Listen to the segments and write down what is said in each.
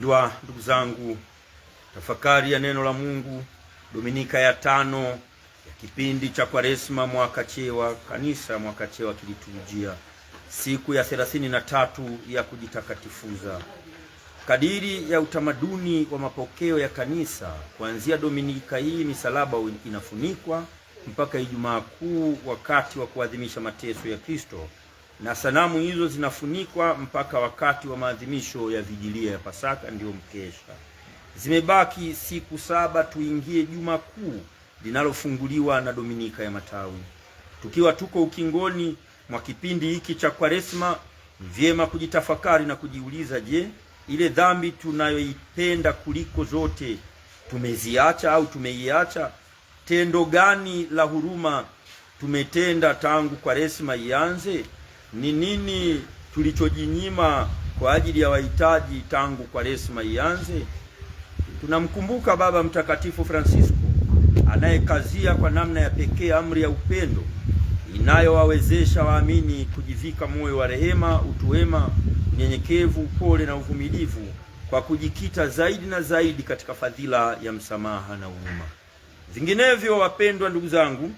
Ndwa ndugu zangu, tafakari ya neno la Mungu Dominika ya tano ya kipindi cha Kwaresma mwaka C wa kanisa mwaka C wa kiliturujia, siku ya thelathini na tatu ya kujitakatifuza kadiri ya utamaduni wa mapokeo ya kanisa. Kuanzia Dominika hii misalaba inafunikwa mpaka Ijumaa Kuu, wakati wa kuadhimisha mateso ya Kristo na sanamu hizo zinafunikwa mpaka wakati wa maadhimisho ya vigilia ya Pasaka, ndiyo mkesha. Zimebaki siku saba tuingie Juma Kuu linalofunguliwa na Dominika ya Matawi. Tukiwa tuko ukingoni mwa kipindi hiki cha Kwaresma, ni vyema kujitafakari na kujiuliza, je, ile dhambi tunayoipenda kuliko zote tumeziacha au tumeiacha? Tendo gani la huruma tumetenda tangu Kwaresma ianze? ni nini tulichojinyima kwa ajili ya wahitaji tangu Kwaresma ianze? Tunamkumbuka Baba Mtakatifu Francisco anayekazia kwa namna ya pekee amri ya upendo inayowawezesha waamini kujivika moyo wa rehema, utuwema, unyenyekevu, upole na uvumilivu kwa kujikita zaidi na zaidi katika fadhila ya msamaha na huruma. Vinginevyo, wapendwa ndugu zangu,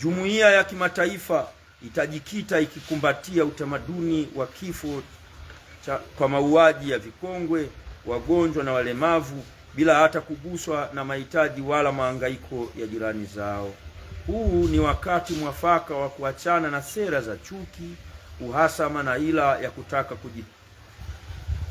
jumuiya ya kimataifa itajikita ikikumbatia utamaduni wa kifo cha, kwa mauaji ya vikongwe, wagonjwa na walemavu bila hata kuguswa na mahitaji wala mahangaiko ya jirani zao. Huu ni wakati mwafaka wa kuachana na sera za chuki, uhasama na ila ya kutaka kuji,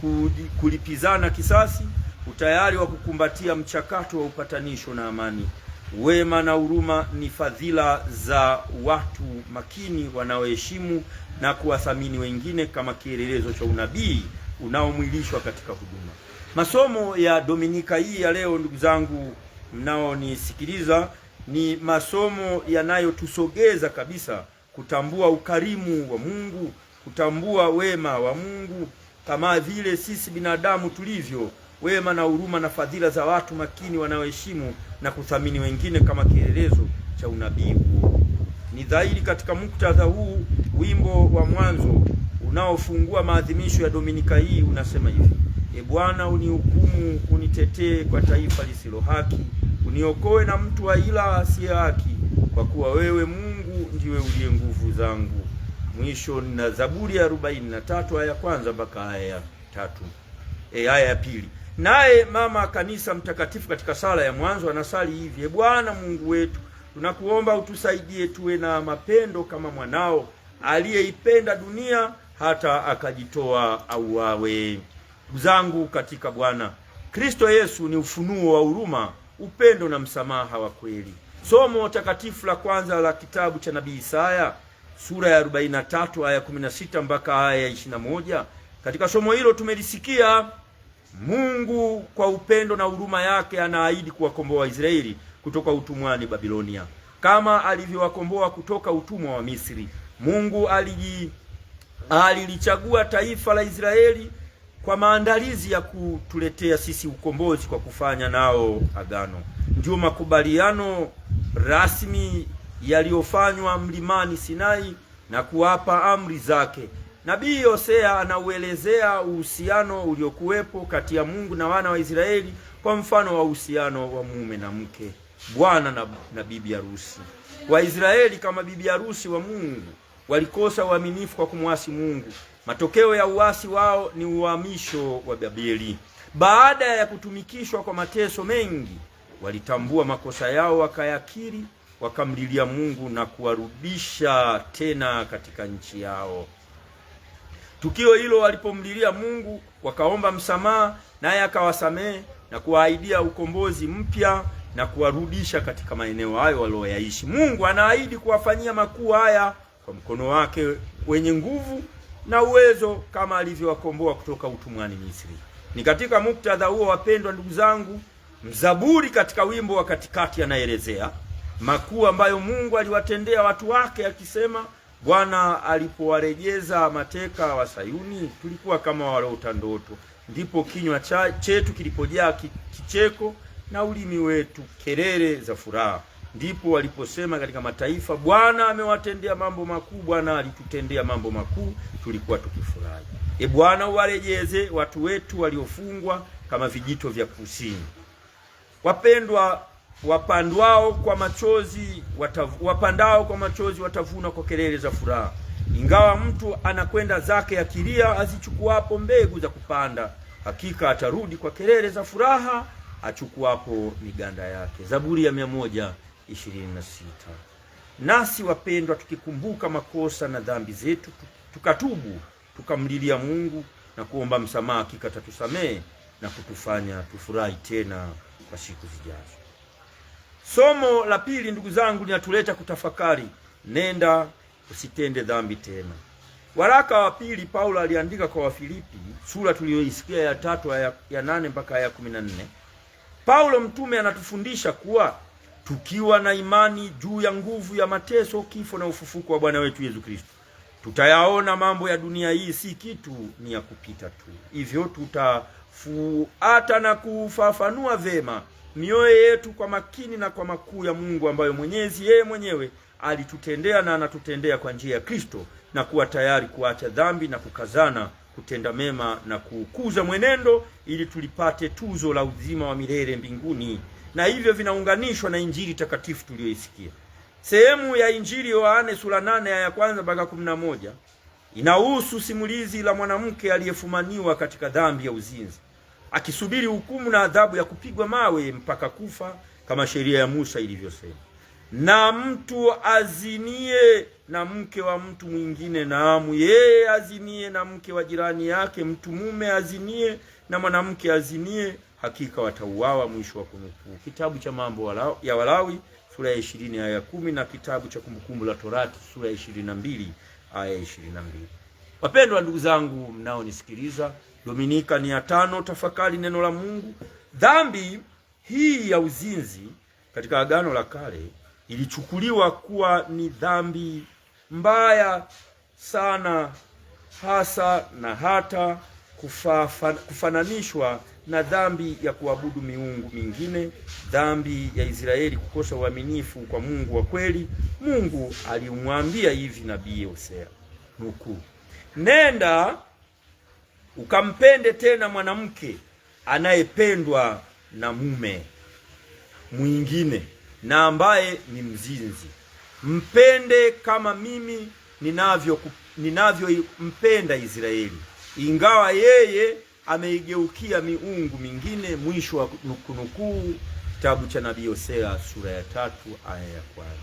kuji, kulipizana kisasi, utayari wa kukumbatia mchakato wa upatanisho na amani. Wema na huruma ni fadhila za watu makini wanaoheshimu na kuwathamini wengine kama kielelezo cha unabii unaomwilishwa katika huduma. Masomo ya Dominika hii ya leo, ndugu zangu mnaonisikiliza, ni masomo yanayotusogeza kabisa kutambua ukarimu wa Mungu, kutambua wema wa Mungu kama vile sisi binadamu tulivyo wema na huruma na fadhila za watu makini wanaoheshimu na kuthamini wengine kama kielelezo cha unabii huo. Ni dhahiri katika muktadha huu, wimbo wa mwanzo unaofungua maadhimisho ya Dominika hii unasema hivi: E Bwana, unihukumu, unitetee kwa taifa lisilo haki, uniokoe na mtu wa ila asiye haki, kwa kuwa wewe Mungu ndiwe uliye nguvu zangu. Mwisho na Zaburi ya arobaini na tatu aya ya kwanza mpaka aya ya tatu, e aya ya pili. Naye mama kanisa mtakatifu katika sala ya mwanzo anasali hivi: E Bwana Mungu wetu, tunakuomba utusaidie tuwe na mapendo kama mwanao aliyeipenda dunia hata akajitoa auawe. Ndugu zangu katika Bwana, Kristo Yesu ni ufunuo wa huruma, upendo na msamaha wa kweli. Somo takatifu la kwanza la kitabu cha nabii Isaya sura ya 43 aya 16 mpaka aya ya 21. Katika somo hilo tumelisikia Mungu kwa upendo na huruma yake anaahidi kuwakomboa Israeli kutoka utumwani Babilonia, kama alivyowakomboa kutoka utumwa wa Misri. Mungu aliji alilichagua taifa la Israeli kwa maandalizi ya kutuletea sisi ukombozi kwa kufanya nao agano. ndio makubaliano rasmi yaliyofanywa mlimani Sinai na kuwapa amri zake Nabii Hosea anauelezea uhusiano uliokuwepo kati ya Mungu na wana wa Israeli kwa mfano wa uhusiano wa mume na mke, bwana na, na bibi harusi. Waisraeli kama bibi harusi wa Mungu walikosa uaminifu kwa kumwasi Mungu. Matokeo ya uasi wao ni uhamisho wa Babeli. Baada ya kutumikishwa kwa mateso mengi, walitambua makosa yao, wakayakiri, wakamlilia Mungu na kuwarudisha tena katika nchi yao. Tukio hilo walipomlilia Mungu wakaomba msamaha, naye akawasamehe na kuwaahidia ukombozi mpya na kuwarudisha katika maeneo hayo walioyaishi. Mungu anaahidi kuwafanyia makuu haya kwa mkono wake wenye nguvu na uwezo, kama alivyowakomboa kutoka utumwani Misri. Ni katika muktadha huo, wapendwa ndugu zangu, mzaburi katika wimbo wa katikati anaelezea makuu ambayo Mungu aliwatendea watu wake akisema Bwana alipowarejeza mateka wa Sayuni, tulikuwa kama waloota ndoto, ndipo kinywa chetu kilipojaa kicheko na ulimi wetu kelele za furaha. Ndipo waliposema katika mataifa, Bwana amewatendea mambo makuu, Bwana alitutendea mambo makuu, tulikuwa tukifurahi. E Bwana, uwarejeze watu wetu waliofungwa kama vijito vya kusini. Wapendwa wapandwao kwa machozi wapandao kwa machozi watavuna kwa kelele za furaha. Ingawa mtu anakwenda zake akilia azichukuapo mbegu za kupanda, hakika atarudi kwa kelele za furaha achukuapo miganda yake. Zaburi ya 126. Nasi wapendwa, tukikumbuka makosa na dhambi zetu, tukatubu, tukamlilia Mungu na kuomba msamaha, hakika atatusamehe na kutufanya tufurahi tena kwa siku zijazo. Somo la pili, ndugu zangu, linatuleta kutafakari, nenda usitende dhambi tena. Waraka wa pili Paulo aliandika kwa Wafilipi, sura tuliyoisikia ya tatu ya, ya nane mpaka ya kumi na nne. Paulo mtume anatufundisha kuwa tukiwa na imani juu ya nguvu ya mateso, kifo na ufufuko wa Bwana wetu Yesu Kristo, tutayaona mambo ya dunia hii si kitu, ni ya kupita tu, hivyo tutafuata na kufafanua vema mioyo yetu kwa makini na kwa makuu ya Mungu ambayo mwenyezi yeye mwenyewe alitutendea na anatutendea kwa njia ya Kristo, na kuwa tayari kuacha dhambi na kukazana kutenda mema na kuukuza mwenendo, ili tulipate tuzo la uzima wa milele mbinguni, na hivyo vinaunganishwa na injili takatifu tuliyoisikia. Sehemu ya Injili Yohane sura nane aya ya kwanza mpaka kumi na moja inahusu simulizi la mwanamke aliyefumaniwa katika dhambi ya uzinzi akisubiri hukumu na adhabu ya kupigwa mawe mpaka kufa kama sheria ya Musa ilivyosema. Na mtu azinie na mke wa mtu mwingine, naamu, yeye azinie na mke wa jirani yake, mtu mume azinie na mwanamke azinie, hakika watauawa. Mwisho wa kunukuu. Kitabu cha Mambo ya Walawi sura ya ishirini aya ya kumi na kitabu cha Kumbukumbu la Torati sura ya ishirini na mbili aya ya ishirini na mbili. Wapendwa ndugu zangu mnaonisikiliza Dominika ni ya tano. Tafakari neno la Mungu. Dhambi hii ya uzinzi katika Agano la Kale ilichukuliwa kuwa ni dhambi mbaya sana, hasa na hata kufananishwa na dhambi ya kuabudu miungu mingine, dhambi ya Israeli kukosa uaminifu kwa Mungu wa kweli. Mungu alimwambia hivi nabii Hosea, nukuu, nenda ukampende tena mwanamke anayependwa na mume mwingine na ambaye ni mzinzi. Mpende kama mimi ninavyo ninavyompenda Israeli, ingawa yeye ameigeukia miungu mingine. Mwisho wa kunukuu, kitabu cha nabii Hosea sura ya tatu aya ya kwanza.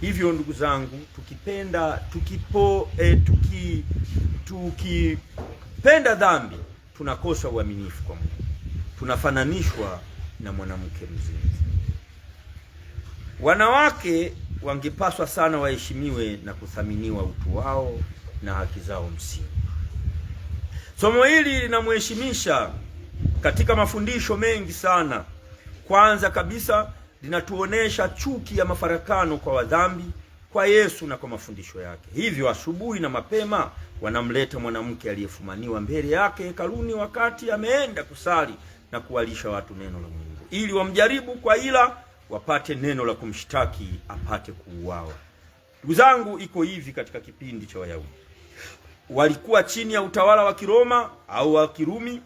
Hivyo ndugu zangu, tukipenda tukipo eh, tuki tuki tukipenda dhambi tunakosa uaminifu kwa Mungu, tunafananishwa na mwanamke mzinzi. Wanawake wangepaswa sana waheshimiwe na kuthaminiwa utu wao na haki zao msingi. Somo hili linamheshimisha katika mafundisho mengi sana. Kwanza kabisa linatuonesha chuki ya mafarakano kwa wadhambi kwa Yesu na kwa mafundisho yake. Hivyo asubuhi na mapema wanamleta mwanamke aliyefumaniwa mbele yake hekaluni, wakati ameenda kusali na kuwalisha watu neno la Mungu, ili wamjaribu kwa ila wapate neno la kumshtaki apate kuuawa. Ndugu zangu, iko hivi katika kipindi cha Wayahudi walikuwa chini ya utawala wa Kiroma au wa Kirumi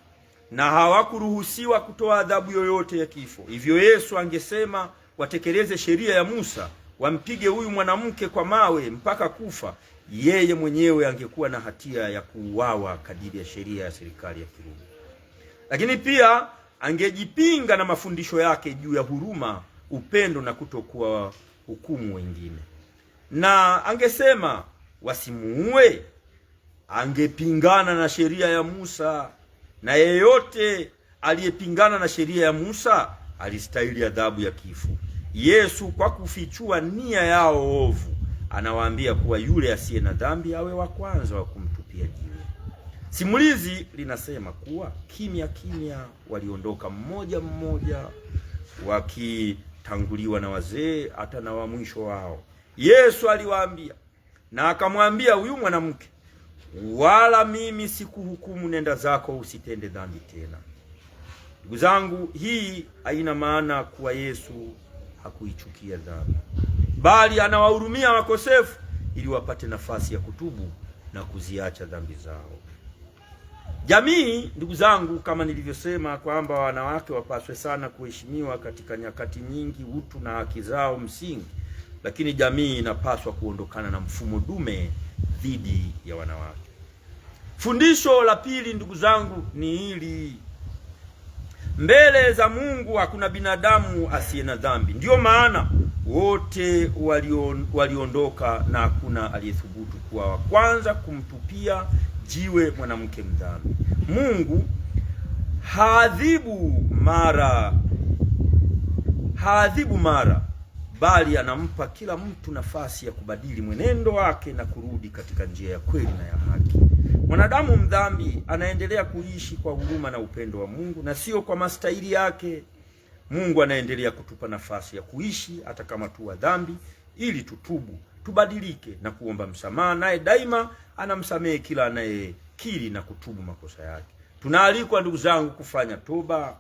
na hawakuruhusiwa kutoa adhabu yoyote ya kifo. Hivyo Yesu angesema watekeleze sheria ya Musa wampige huyu mwanamke kwa mawe mpaka kufa, yeye mwenyewe angekuwa na hatia ya kuuawa kadiri ya sheria ya serikali ya Kirumi. Lakini pia angejipinga na mafundisho yake juu ya huruma, upendo na kutokuwa hukumu wengine, na angesema wasimuue. Angepingana na sheria ya Musa, na yeyote aliyepingana na sheria ya Musa alistahili adhabu ya kifo. Yesu kwa kufichua nia yao ovu anawaambia kuwa yule asiye na dhambi awe wa kwanza wa kumtupia jiwe. Simulizi linasema kuwa kimya kimya waliondoka mmoja mmoja, wakitanguliwa na wazee hata na wa mwisho wao. Yesu aliwaambia na akamwambia huyu mwanamke, wala mimi sikuhukumu, nenda zako, usitende dhambi tena. Ndugu zangu, hii haina maana kuwa Yesu hakuichukia dhambi, bali anawahurumia wakosefu ili wapate nafasi ya kutubu na kuziacha dhambi zao. Jamii, ndugu zangu, kama nilivyosema kwamba wanawake wapaswe sana kuheshimiwa katika nyakati nyingi, utu na haki zao msingi, lakini jamii inapaswa kuondokana na mfumo dume dhidi ya wanawake. Fundisho la pili, ndugu zangu, ni hili mbele za Mungu hakuna binadamu asiye na dhambi, ndiyo maana wote walion, waliondoka na hakuna aliyethubutu kuwa wa kwanza kumtupia jiwe mwanamke mdhambi. Mungu haadhibu mara haadhibu mara, bali anampa kila mtu nafasi ya kubadili mwenendo wake na kurudi katika njia ya kweli na ya haki. Mwanadamu mdhambi anaendelea kuishi kwa huruma na upendo wa Mungu na sio kwa mastahili yake. Mungu anaendelea kutupa nafasi ya kuishi hata kama tu wa dhambi, ili tutubu, tubadilike na kuomba msamaha, naye daima anamsamehe kila anayekiri na kutubu makosa yake. Tunaalikwa ndugu zangu, kufanya toba,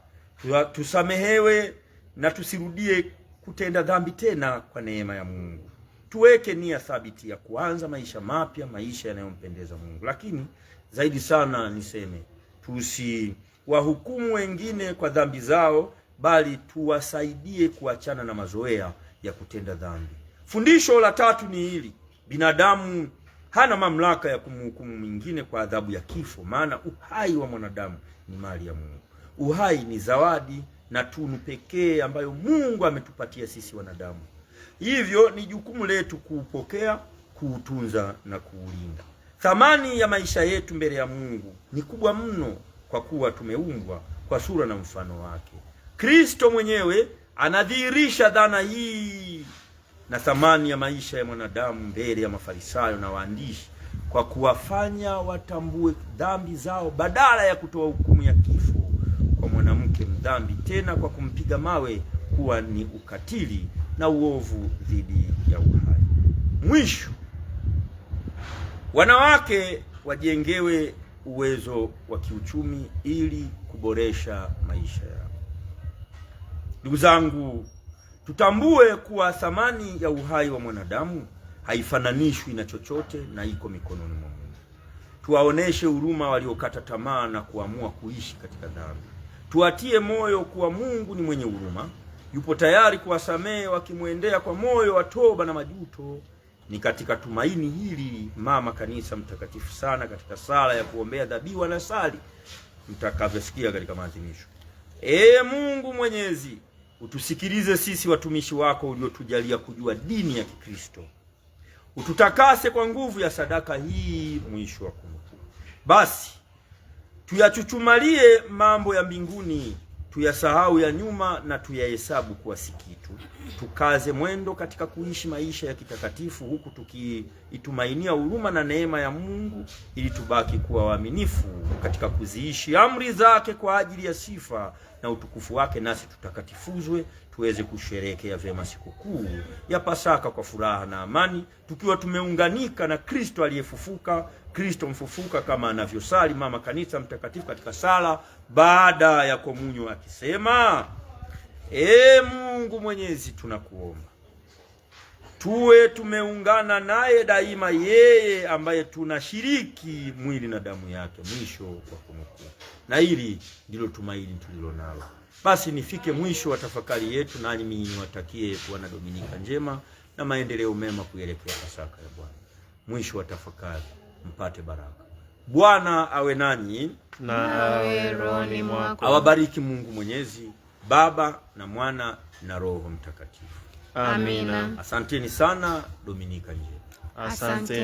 tusamehewe na tusirudie kutenda dhambi tena, kwa neema ya Mungu tuweke nia thabiti ya kuanza maisha mapya, maisha yanayompendeza Mungu. Lakini zaidi sana niseme tusiwahukumu wengine kwa dhambi zao, bali tuwasaidie kuachana na mazoea ya kutenda dhambi. Fundisho la tatu ni hili: binadamu hana mamlaka ya kumhukumu mwingine kwa adhabu ya kifo, maana uhai wa mwanadamu ni mali ya Mungu. Uhai ni zawadi na tunu pekee ambayo Mungu ametupatia sisi wanadamu. Hivyo ni jukumu letu kuupokea, kuutunza na kuulinda. Thamani ya maisha yetu mbele ya Mungu ni kubwa mno, kwa kuwa tumeumbwa kwa sura na mfano wake. Kristo mwenyewe anadhihirisha dhana hii na thamani ya maisha ya mwanadamu mbele ya Mafarisayo na waandishi kwa kuwafanya watambue dhambi zao badala ya kutoa hukumu ya kifo kwa mwanamke mdhambi, tena kwa kumpiga mawe kuwa ni ukatili na uovu dhidi ya uhai. Mwisho, wanawake wajengewe uwezo wa kiuchumi ili kuboresha maisha yao. Ndugu zangu, tutambue kuwa thamani ya uhai wa mwanadamu haifananishwi na chochote na iko mikononi mwa Mungu. Tuwaoneshe huruma waliokata tamaa na kuamua kuishi katika dhambi. Tuatie moyo kuwa Mungu ni mwenye huruma yupo tayari kuwasamehe wakimwendea kwa moyo wa toba na majuto. Ni katika tumaini hili mama kanisa mtakatifu sana katika sala ya kuombea dhabihu na sali mtakavyosikia katika maadhimisho. Ee Mungu Mwenyezi, utusikilize sisi watumishi wako uliotujalia kujua dini ya Kikristo, ututakase kwa nguvu ya sadaka hii. Mwisho wa kumbukumbu. Basi tuyachuchumalie mambo ya mbinguni tuyasahau ya nyuma na tuyahesabu kuwa si kitu. Tukaze mwendo katika kuishi maisha ya kitakatifu, huku tukiitumainia huruma na neema ya Mungu, ili tubaki kuwa waaminifu katika kuziishi amri zake kwa ajili ya sifa na utukufu wake, nasi tutakatifuzwe tuweze kusherehekea vyema sikukuu ya Pasaka kwa furaha na amani, tukiwa tumeunganika na Kristo aliyefufuka, Kristo mfufuka, kama anavyosali Mama Kanisa Mtakatifu katika sala baada ya komunyo akisema, Ee Mungu Mwenyezi, tunakuomba tuwe tumeungana naye daima, yeye ambaye tunashiriki mwili na damu yake. Mwisho wa kunukuu. Na hili ndilo tumaini tulilonalo Basi nifike mwisho wa tafakari yetu, nami niwatakie kuwa na dominika njema na maendeleo mema kuelekea Pasaka ya Bwana. Mwisho wa tafakari, mpate baraka. Bwana awe nanyi na awe rohoni mwako. Awabariki Mungu Mwenyezi, Baba na Mwana na Roho Mtakatifu. Amina. Asanteni sana, Dominika njema. Asante.